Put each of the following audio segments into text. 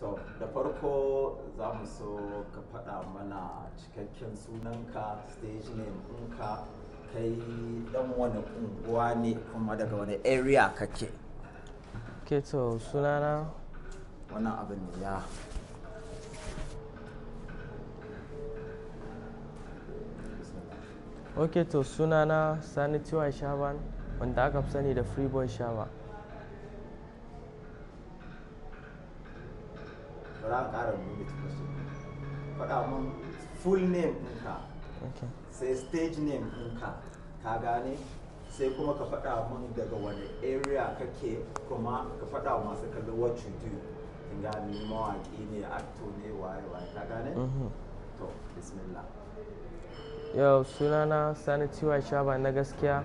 to da farko za mu so ka faɗa mana cikakken sunanka stage name ɗinka kai ɗan wani unguwa ne kuma daga wani area kake ke to sunana wannan abin ya ok to sunana sani tiwa shaban wanda aka fi sani da freeboy shaba ba za ka ƙara rubuta faɗa mun full name ɗinka sai stage name ɗinka ka gane sai kuma ka faɗa mun daga wani area kake kuma ka faɗa masu kallo what you do in gane mawaƙi ne acto ne waye waye ka gane mhm. to bismillah yau sunana sani ciwa shaba na gaskiya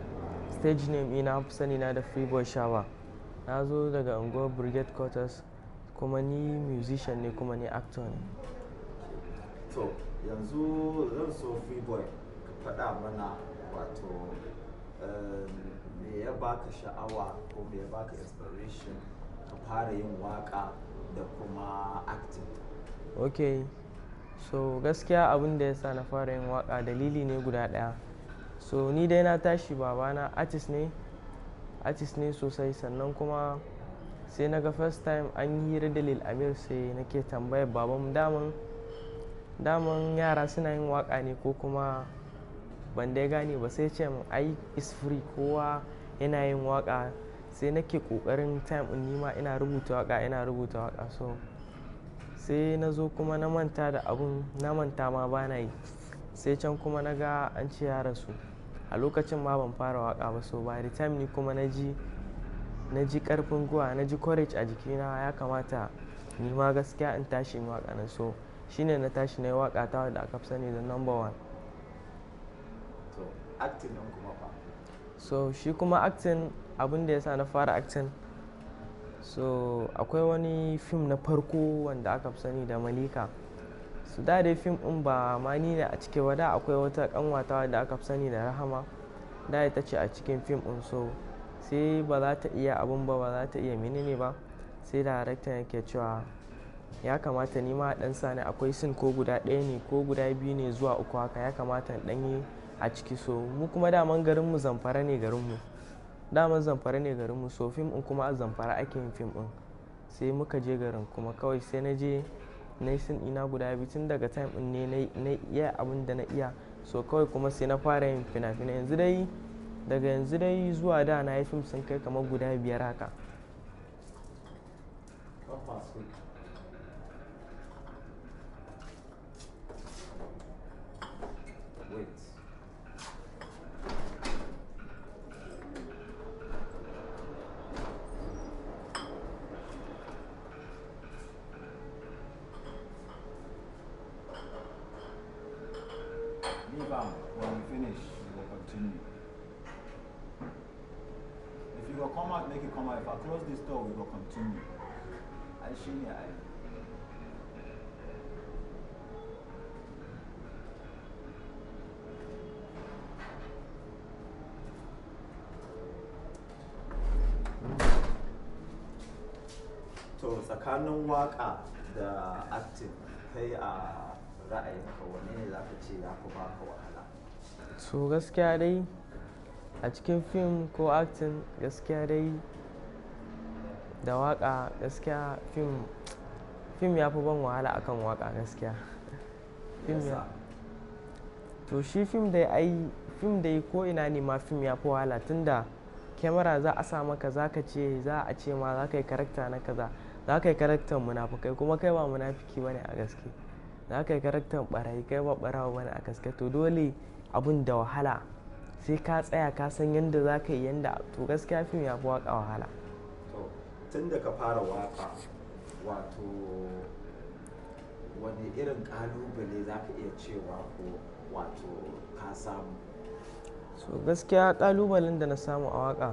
stage name ina fi sani na da freeboy shaba na zo daga unguwar brigade quarters kuma ni musician ne kuma ni actor ne to yanzu zan so boy ka faɗa mana wato um, me ya baka sha'awa ko me ya baka inspiration ka fara yin waka da kuma acting ok so gaskiya abin da ya sa na fara yin waka dalili ne guda ɗaya so ni dai na tashi babana artist ne artist ne sosai sannan kuma sai na ga first time an yi hira da lil amir sai nake tambayar baban daman daman yara suna yin waka ne ko kuma ban dai gane ba sai ce min ai is free kowa yana yin waka sai nake kokarin time in nima ina rubuta waka ina rubuta waka so sai na zo kuma na manta da abun na manta ma bana yi sai can kuma na ga an ce ya rasu a lokacin ma ban fara waka ba so ba the time ni kuma na ji na ji karfin guwa na ji courage a jikina ya kamata ni ma gaskiya in tashi in waka na so shine na tashi na yi waka ta wanda aka fi sani da number one so acting nan kuma fa so shi kuma acting abin da ya sa na fara acting so akwai wani fim na farko wanda aka fi sani da malika su da dai fim din ba ma ni ne a cike ba da akwai wata kanwata da aka fi sani da rahama da ita ce a cikin fim din so sai ba za ta iya abun ba ba za ta iya menene ba sai daraktan yake cewa ya kamata ni ma dan sani akwai sin ko guda ɗaya ne ko guda biyu ne zuwa uku haka ya kamata dan yi a ciki so mu kuma daman garin mu zamfara ne garin mu daman zamfara ne garin mu so fim din kuma a zamfara ake yin fim din sai muka je garin kuma kawai sai na je na sin ina guda biyu tun daga time din ne na iya abin da na iya so kawai kuma sai na fara yin fina-finai yanzu dai daga yanzu dai zuwa da na yi fim sun kai kamar guda biyar haka Leave you go come out, make it come out. If I close this door, we go continue. I see me. I. To tsakanin waka the acting kai a right for ne za ka ce ya fi baka wahala? To gaskiya dai a cikin fim ko acting gaskiya dai da waka gaskiya fim ya fi ban wahala akan waka gaskiya ya to shi fim dai ai fim dai ko ina ne ma fim ya fi wahala tunda kyamara za a sa maka za ka ce za a ce ma za ka yi karakta na kaza za ka yi karaktar munafukai kuma kai ba munafiki ba ne a gaske za ka yi karaktar barayi kai ba barawa ba ne a gaske to dole abun da wahala sai ka tsaya ka san yadda za ka yi yadda to gaskiya fim ya fi waka wahala tun da ka fara waka wato wani irin kalubale za ka iya cewa ko wato ka samu so gaskiya kalubalen da na samu a waka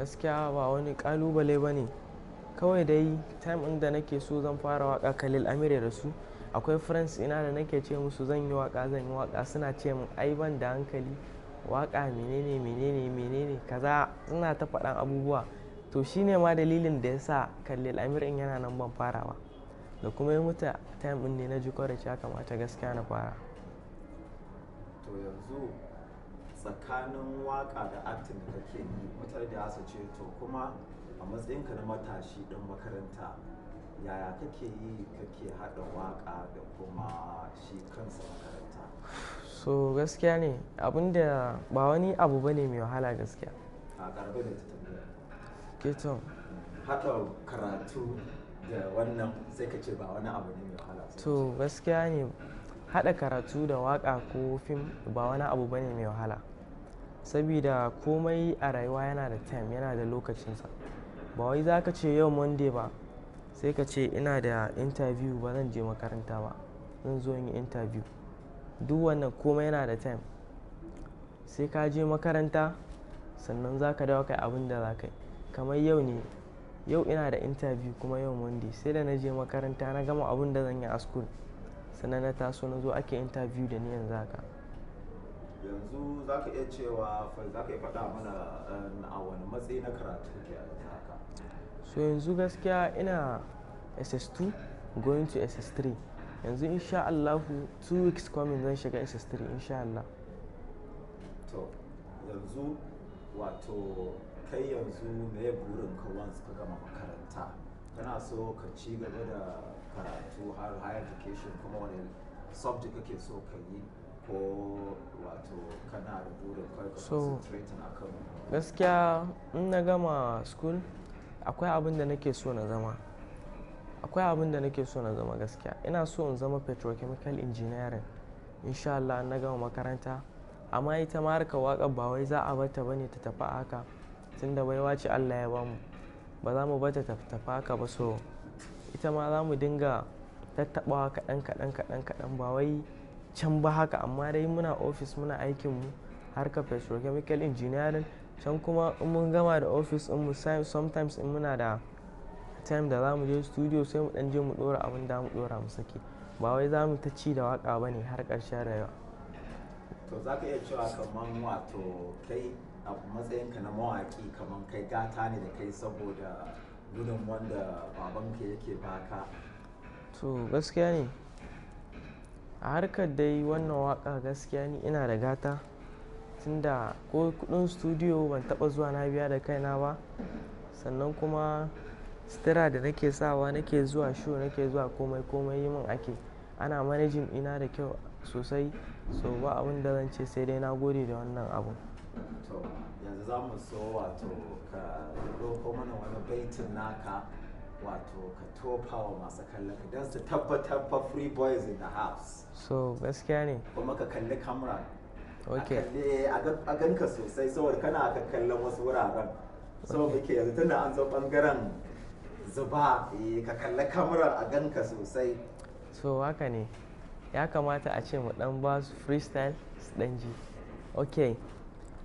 gaskiya ba wani kalubale ba ne kawai dai time ɗin da nake so zan fara waka kalli Amire da su akwai friends ina da nake ce musu zan yi waka zan yi waka suna ce min ai ban da hankali waka menene menene menene kaza suna ta faɗan abubuwa to shine ma dalilin da yasa kalil Amir in yana nan ban farawa ba da kuma yi muta time ɗin ne na ji kwarace ya kamata gaskiya na fara to yanzu tsakanin waka da acting da kake yi mutane da su ce to kuma a matsayinka na matashi don makaranta yaya kake yi kake haɗa waƙa da kuma shi kansa makaranta so gaskiya ne abinda ba wani abu ba ne mai wahala gaskiya a ƙarfi da ke to haɗa karatu da wannan sai ka ce ba wani abu ne mai wahala to gaskiya ne haɗa karatu da waƙa ko fim ba wani abu ba ne mai wahala sabida komai a rayuwa yana da time yana da lokacinsa ba wai za ka ce yau monday ba sai ka ce ina da interview ba zan je makaranta ba zan zo yin interview duk wannan komai yana da time sai ka je makaranta sannan za ka dawo kai abin da za kai kamar yau ne yau ina da interview kuma yau monday sai da na je makaranta na gama abin da zan yi a school sannan na taso na zo ake interview da ni yanzu haka yanzu za ka iya cewa za ka iya faɗa mana eh, a wani matsayi na karatu ke a haka so yanzu gaskiya ina ss2 going to ss3 yanzu insha Allah two weeks coming zan shiga ss3 insha Allah to yanzu wato kai yanzu me burin ka once ka gama makaranta kana so ka ci gaba da karatu har higher education kuma wani subject kake so ka yi ko so gaskiya in na gama school akwai abin da nake so na zama akwai abin da nake so na zama gaskiya ina so in zama petrochemical engineering insha Allah na gama makaranta amma ita ma harka waka ba wai za a bata bane ta tafi haka tunda baiwa ce Allah ya bamu ba za mu bata ta tafi haka ba so ita ma za mu dinga tattabawa kaɗan kaɗan kaɗan kaɗan ba wai can ba haka amma dai muna ofis muna aikin mu harka petrochemical engineering can kuma mun gama da ofis in mu sometimes in muna da time da za mu je studio sai mu dan je mu dora abin da mu dora mu sake ba wai za mu ta ci da waka ba ne har ƙarshen rayuwa to za ka iya cewa kamar wato kai a matsayinka na mawaƙi kamar kai gata ne da kai saboda gudun wanda babanka yake baka to gaskiya ne a harkar dai wannan waka gaskiya ni ina da gata tunda ko kudin studio ban taba zuwa na biya da kaina ba sannan kuma stira da nake sawa nake zuwa show nake zuwa komai komai yi min ake ana manajin ina da kyau sosai so ba abin da zan ce sai dai na gode da wannan abu yanzu za mu so wato ka mana wani baitin naka wato ka tofa wa masu kallon ka don su tabbatar fa free boys in the house so gaskiya ne kuma ka kalli kamera ok a ganka sosai saboda kana ka kallon wasu wuraren so muke yanzu tunda an zo bangaren zuba eh, ka kalli kamarar a ganka sosai so haka ne ya kamata a ce mu dan ba su freestyle su dan ji ok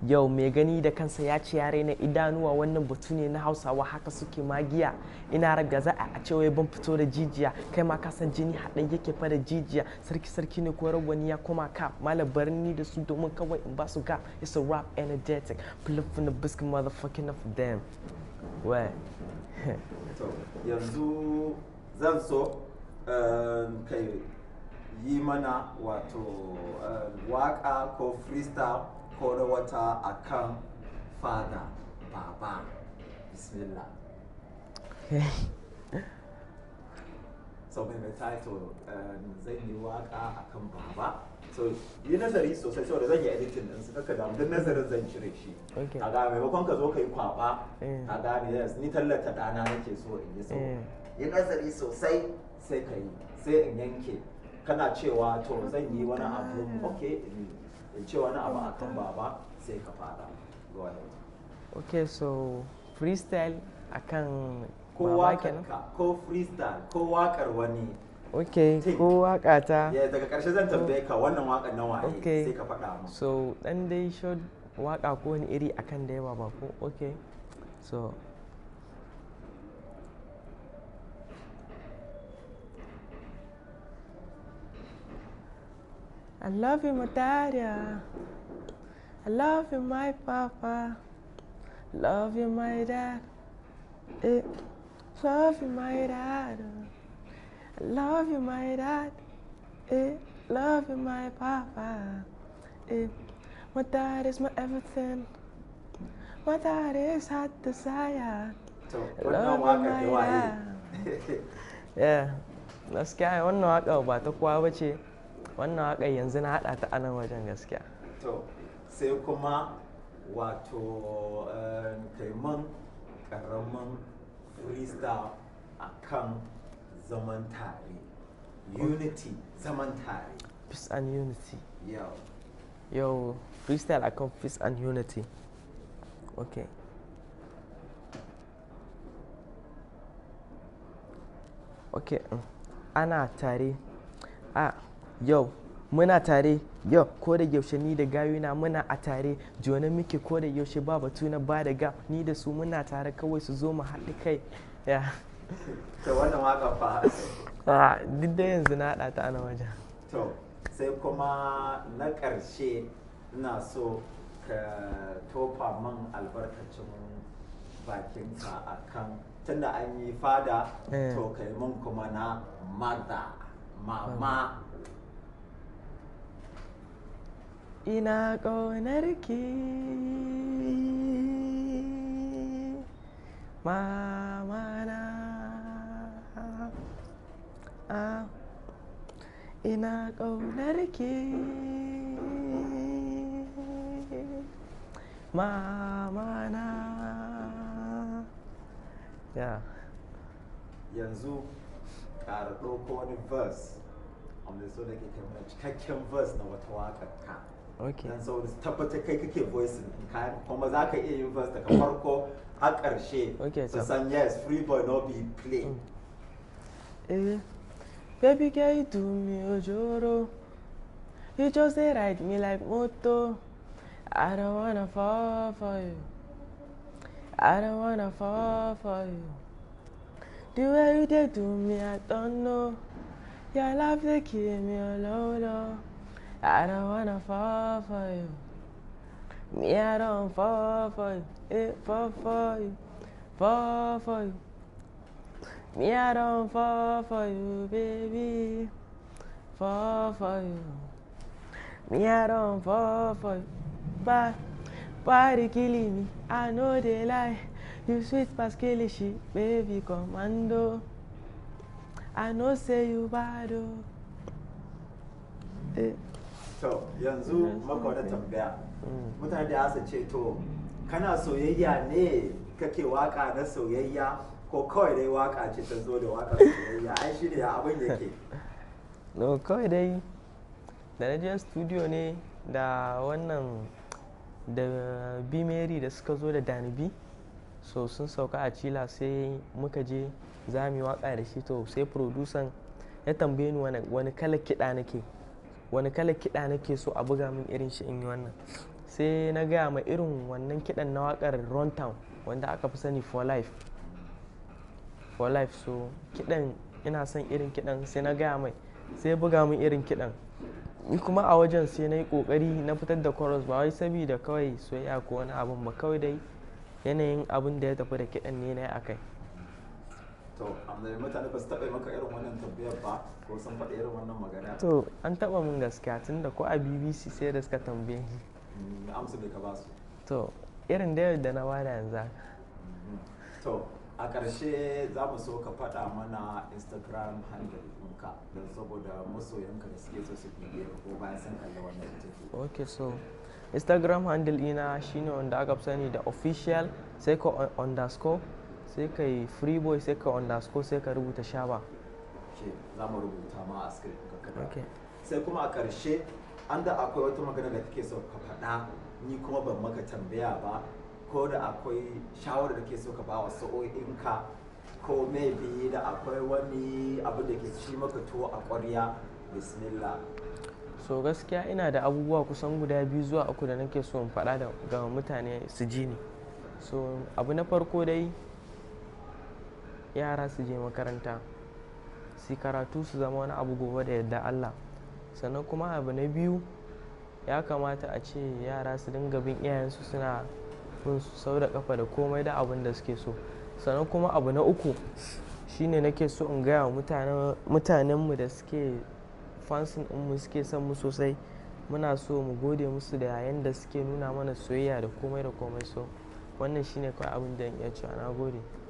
yau mai gani da kansa ya ce yare na idanuwa wannan batu ne na hausawa haka suke magiya ina raga za a ce wai ban fito da jijiya kai ma ka san jini haɗe yake fa da jijiya sarki sarki ne ko rawani ya koma ka malam ni da su domin kawai in ba su ga it's a rap energetic pull the bisk motherfucking of them yanzu zan so um, kai yi mana wato um, waka ko freestyle ko wata akan fada baba bismillah so mai mai title um, zan yi waka akan baba so yi nazari sosai sau da zan yi editin din su kaka da duk nazarin zan cire shi a ga maimakon ka zo ka yi kwaba eh. a ga ni tallata dana nake so in yi so eh. yi nazari sosai sai ka yi sai in yanke kana cewa to zan yi wani abu ah. ok in ce wani abu a kan baba sai ka fada ga wani okay so freestyle akan ko wakar ka ko freestyle ko wakar wani ok ko waka ta ya daga karshe zan tambaye ka wannan wakar na waye sai ka fada mu so dan dai short waka ko wani iri akan da yawa ba ko ok so I love you, my daddy. I love you, my papa. Love you, my dad. Eh. Love you, my dad. I love you, my dad. Eh. Love you, my papa. Eh. My dad is my everything. My dad is hot desire. So, love you, my dad. yeah. Let's nó nói ở bà go, qua to chị. wannan waƙar yanzu na haɗa ta anan wajen gaskiya to sai kuma wato eh, kaiman ƙaramin freestyle a kan zaman tare unity zaman tare peace and unity yau yau freestyle a kan peace and unity okay okay ana tare a ah, yau muna tare yau ko da yaushe ni da gayuna muna a tare jona muke ko da yaushe ba batu na ba da ga ni da su muna tare kawai su zo mu haɗu kai ya to wannan waka fa ah, duk da yanzu na haɗa ta ana wajen to sai kuma na ƙarshe na so ka tofa man albarkacin bakinka kan tunda an yi fada eh. to kai mun kuma na mada mama ina ƙaunarki mama na? Ah, ina ƙaunarki mama na? yanzu ƙara ɗauko wani verse amma so da ke cikakken verse na wata waƙar okay dan saboda su tabbatar kai kake voice kayan kuma za ka iya yin verse daga farko har karshe su san yes free boy no be play mm. eh baby girl you do me ojoro you just dey ride me like moto i don't wanna fall for you i don't wanna fall for you the way you dey do me i don't know your love dey kill me ololo. Oh, I don't wanna fall for you. Me, I don't fall for you. It fall for you. Fall for you. Me, I don't fall for you, baby. Fall for you. Me, I don't fall for you. Bye. Why they killing me? I know they lie. You sweet Pascalishi, baby commando. I know say you bad. Oh. Eh. to yanzu maka wani tambaya mm. mutane da su ce to kana soyayya ne kake waka na soyayya ko kawai dai waka ce ta zo da waka soyayya ai shi ne abin yake no kawai dai da na je studio ne da wannan da b mary da suka zo da danibi so sun sauka a cila sai muka je za mu yi waka da shi to sai producer ya tambaye ni wani kala kiɗa nake wani kala kiɗa nake so a buga min irin shi in yi wannan sai na gaya ma irin wannan kiɗan na wakar town wanda aka fi sani for life for life so kiɗan ina son irin kiɗan sai na gaya mai sai buga min irin kiɗan ni kuma a wajen sai na yi ƙoƙari na fitar da chorus ba wai sabida kawai soyayya ko wani abun ba kawai dai yanayin abun da ya tafi da kiɗan ne na yi akai. kai to amma mutane ba su taɓa maka irin wannan tambayar ba ko sun faɗa irin wannan magana to an taɓa min gaskiya tun da ko a bbc sai da suka tambaye ni mm, amsa da ka ba su to irin da yadda na bada yanzu mm-hmm. to a ƙarshe za mu so ka faɗa mana instagram handle ɗinka don saboda masoyanka da suke so su bibiye ko bayan sun kalli wannan bidiyo Okay, so instagram handle ina shine wanda aka fi sani da official sai ko underscore sai ka yi free boy sai ka underscore sai ka rubuta shaba za mu rubuta ma a screen ka sai kuma a karshe an da akwai wata magana da kake so ka faɗa ni kuma ban maka tambaya ba ko da akwai shawara da ke so ka ba wa oinka ko maybe da akwai wani abu da ke ci maka tuwo a ƙwarya bismillah so gaskiya ina da abubuwa kusan guda biyu zuwa uku da nake so in faɗa ga mutane su ji ni so abu na farko dai yara su je makaranta su karatu su zama wani abu gobe da yadda Allah sannan kuma abu na biyu ya kamata a ce yara su dinga bin iyayensu suna bin su sau da kafa da komai da abin da suke so sannan kuma abu na uku shine nake so in gaya wa mutanenmu da suke fansin mu suke son mu sosai muna so mu gode musu da yayin da suke nuna mana soyayya da komai da komai so wannan shine kawai abin da iya cewa na gode